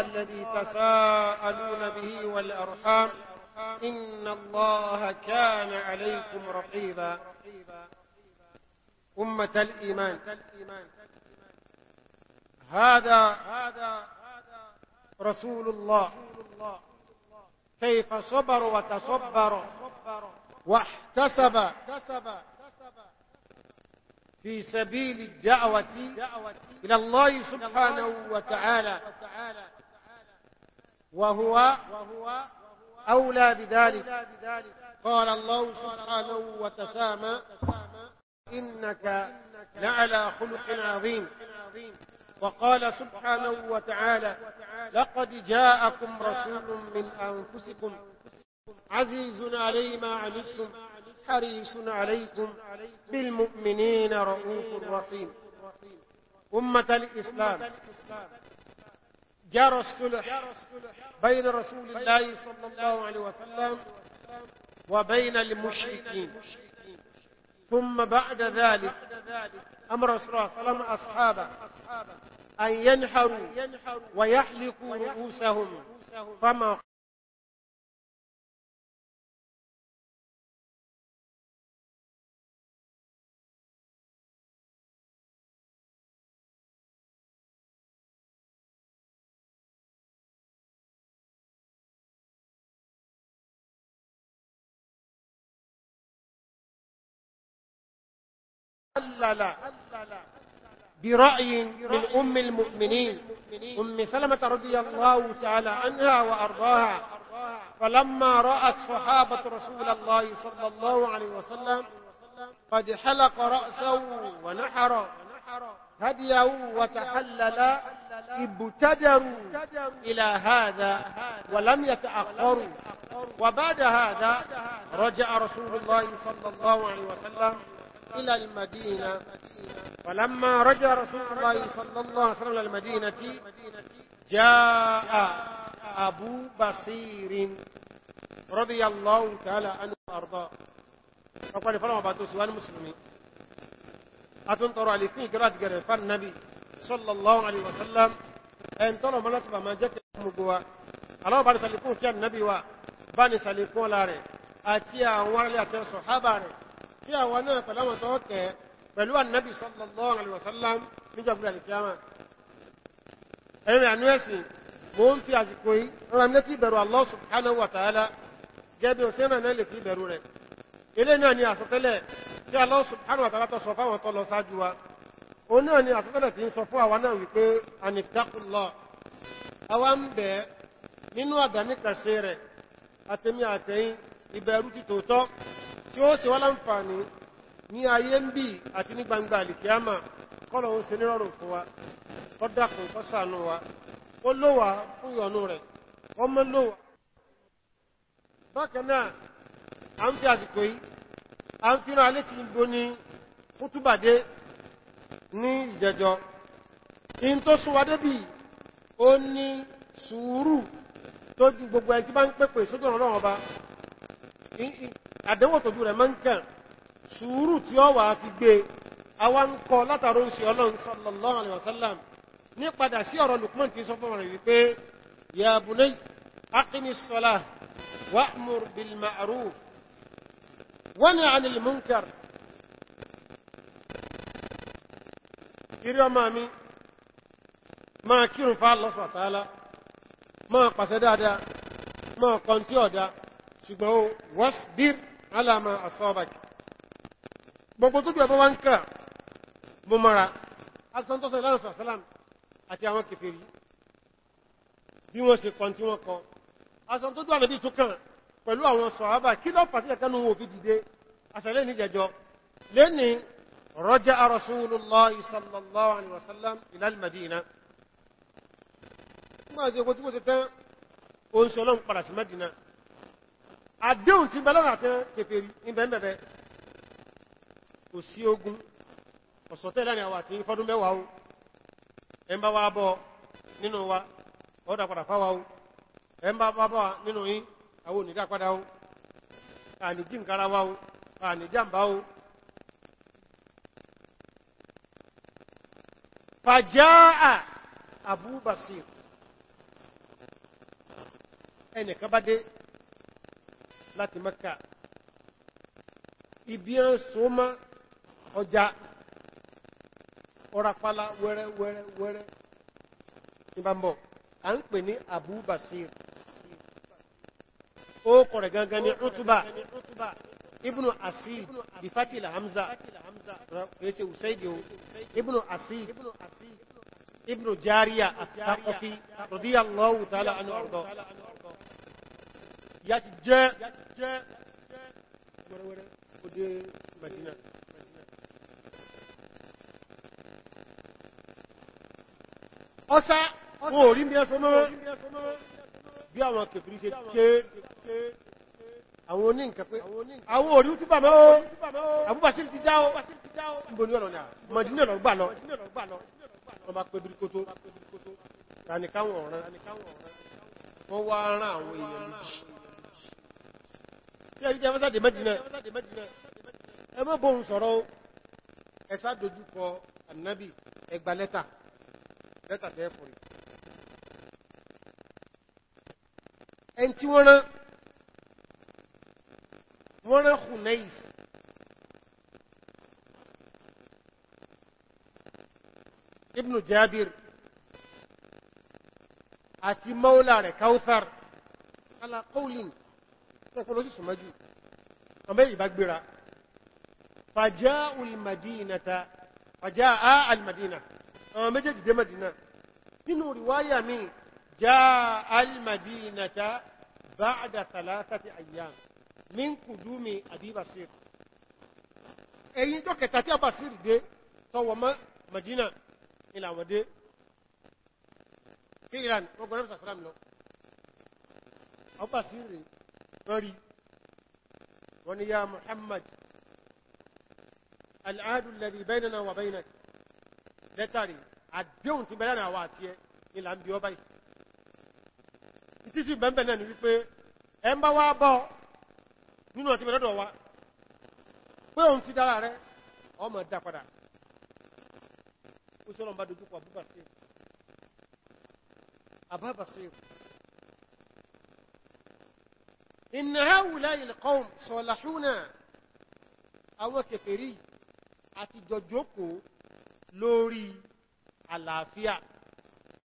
الذي تساءلون به والأرحام إن الله كان عليكم رقيبا أمة الإيمان هذا رسول الله كيف صبر وتصبر واحتسب في سبيل الدعوة إلى الله سبحانه وتعالى وهو أولى بذلك قال الله سبحانه وتسامى إنك لعلى خلق عظيم وقال سبحانه وتعالى لقد جاءكم رسول من أنفسكم عزيز علي ما عنتم حريص عليكم بالمؤمنين رؤوف رحيم أمة الإسلام جرى الصلح بين رسول الله صلى الله عليه وسلم وبين المشركين ثم بعد ذلك أمر رسول الله صلى الله عليه وسلم أصحابه أن ينحروا ويحلقوا رؤوسهم فما برأي من أم المؤمنين أم سلمة رضي الله تعالى عنها وأرضاها فلما رأى الصحابة رسول الله صلى الله عليه وسلم قد حلق رأسه ونحر هديه وتحلل ابتدروا إلى هذا ولم يتأخروا وبعد هذا رجع رسول الله صلى الله عليه وسلم إلى المدينة فلما رجع رسول الله صلى الله عليه وسلم إلى المدينة جاء أبو بصير رضي الله تعالى عنه وأرضاه فقال فلما بعثوا سوى المسلمين أتنطر علي فيه قرات قرفان النبي صلى الله عليه وسلم أن mọ́lọ́tọ̀bà máa jẹ́ kí gbogbo wa aláwọ̀ bá ní sàlìkún kí ànàbí wa bá ní sàlìkún ọlá kí àwọn náà pẹ̀lú àwọn tó tẹ̀ pẹ̀lú ànábì sallallahu alaihi wasallam níjọba alìkíyàmà ẹ̀rìn àánú ẹ̀sìn mo ń fi àsìkò yìí rọra mi létí ìbẹ̀rù Allah subhanahu wa ta'ala gẹ́bí òsè náà náà lè fi ìbẹ̀rù rẹ̀ ilé náà ni àsọtẹ́lẹ̀ tí Allah subhanahu wa ta'ala tó sọ fáwọn tó lọ sáájú wa òun náà ni àsọtẹ́lẹ̀ ń sọ fún àwa náà wípé anittaqullah àwa ń bẹ̀ nínú àdáníkàṣe rẹ̀ àtẹ̀mí àtẹ̀yìn ìbẹ̀rù ti tòótọ́ tí ó sì wá láǹfààní ní ayé ń bí àti ní gbangba àlìkíámà kọ́lọ̀ ń ṣe nírọ̀rùn fún wa wa ó lówà fún ìyọnú rẹ̀ ọmọ lówà bákan náà a ń fi àsìkò yìí a ń fi gbogbo ẹ̀ tí bá ń pẹ́pẹ́ àdẹ́wọ̀ tójú rẹ̀ máa ń kàn sùúrù tí ó wà fi gbé àwa ń kọ látàrọ ń ṣe ọlọ́run sallallahu alaihi wasallam ní padà sí ọ̀rọ̀ Lukman ti sọ fún rẹ̀ pé ya bunay aqimi s-salah wa'mur bil ma'ruf wani 'anil munkar ìrí ọmọ mi pàṣẹ dáadáa máa kọntí ọ̀dá ṣùgbọ́n wasbir على ما أصابك gbogbo tó jọba wọn kà mú mara asantọ́sẹ̀ lánàá sàsálàm àti àwọn kèfèrí bí wọ́n ṣe kọ́n tí wọ́n kọ́ asantọ́jú ànàbí tó kàn pẹ̀lú àwọn sọ̀hábà kí lọ́ pàtí ẹ̀kánú òbí dìde àṣẹ́lẹ̀ ní jẹjọ lẹ́ni raja'a Rasulullah sallallahu alaihi wasallam ila al-Madina nígbà ṣe kó tí kó ṣe tán oúnṣọ́lọ́m padà sí Madina àdéhùn tí bẹ̀lọ́nà àti kèfèrí ìbẹ̀mẹ̀bẹ̀ kò sí ogun ọ̀sọ̀tẹ́ lẹ́rin àwà tí fọ́dún mẹ́wàá o ẹmbá wa bọ́ nínú wa ọdá padà fáwà o ẹmbá wá bọ́ nínú yí àwọn padà o àní jí o àní o fàjáà Abu ẹnìkan bá dé láti Mẹ́kà ibi ń so mọ́ ọjà ọ̀rapálá wẹ́rẹ́ wẹ́rẹ́ wẹ́rẹ́ ìbámbọ̀ a ń pè ní Abu Basir ó kọ̀rẹ̀ gangan ní Utuba ibnu Asid bifatila Hamza ẹsẹ̀ usaidi o ibnu Asid ibnu Jariya at-Thaqafi radiyallahu ta'ala ya ti jẹ́ wẹ́rẹ́wẹ́rẹ́ ó dé Madina ọ́sá wọn ò rí bí ẹsọ mọ́ bí àwọn kèfèrí ṣe ké àwọn oní nǹkan pé àwọn orí túbà mọ́ ó àbúbàṣí ti já ó níbo ní ọ̀rọ̀ ní Madina lọ gbà lọ ọmọ pẹ̀bìrì kótó tàníkáwọn ọ̀rán wọ́n wá rán àwọn èèyàn lójì tí a rí jẹ́ mọ́sáde mẹ́dínà ẹ mọ́ bóhun sọ̀rọ̀ ẹ̀sá dojúkọ annabi ẹgbà lẹ́tà lẹ́tà tẹ́ fòrì ẹn tí ibn Jabir àti maula rẹ̀ Kauthar ala ẹkùn ló sì súnmọ́ jù ọmọ èyí bá gbéra fàjá almadinata fàjá almadina àwọn méjèèjì dé madina nínú ríwáyà mi já almadinata ba'da thalathati ayyam min kudumi abi basir ẹ̀yìn tó kẹta tí a basir dé tọwọ́ madina ìlàwọ̀dé kíran ọgbọ̀n ẹ̀mùsàsílámi lọ ọba sí rèé wọ́n rí wọ́n ni ya Muhammad al'adu lẹ́dí bainana wa bainak lẹ́tàrí àdéhùn ti bẹ̀rẹ̀ àwọn àti ẹ nílà ń bí ọba yìí ìtí sí bẹ̀m̀bẹ̀ náà ni wípé ẹ ń bá wá bọ́ nínú àti mẹ́lọ́dọ̀ wa pé òun ti dára rẹ ọmọ dá padà ó sọ́lọ́mbá إن هؤلاء القوم صالحون أو كفري أتجوجوكو لوري على فيا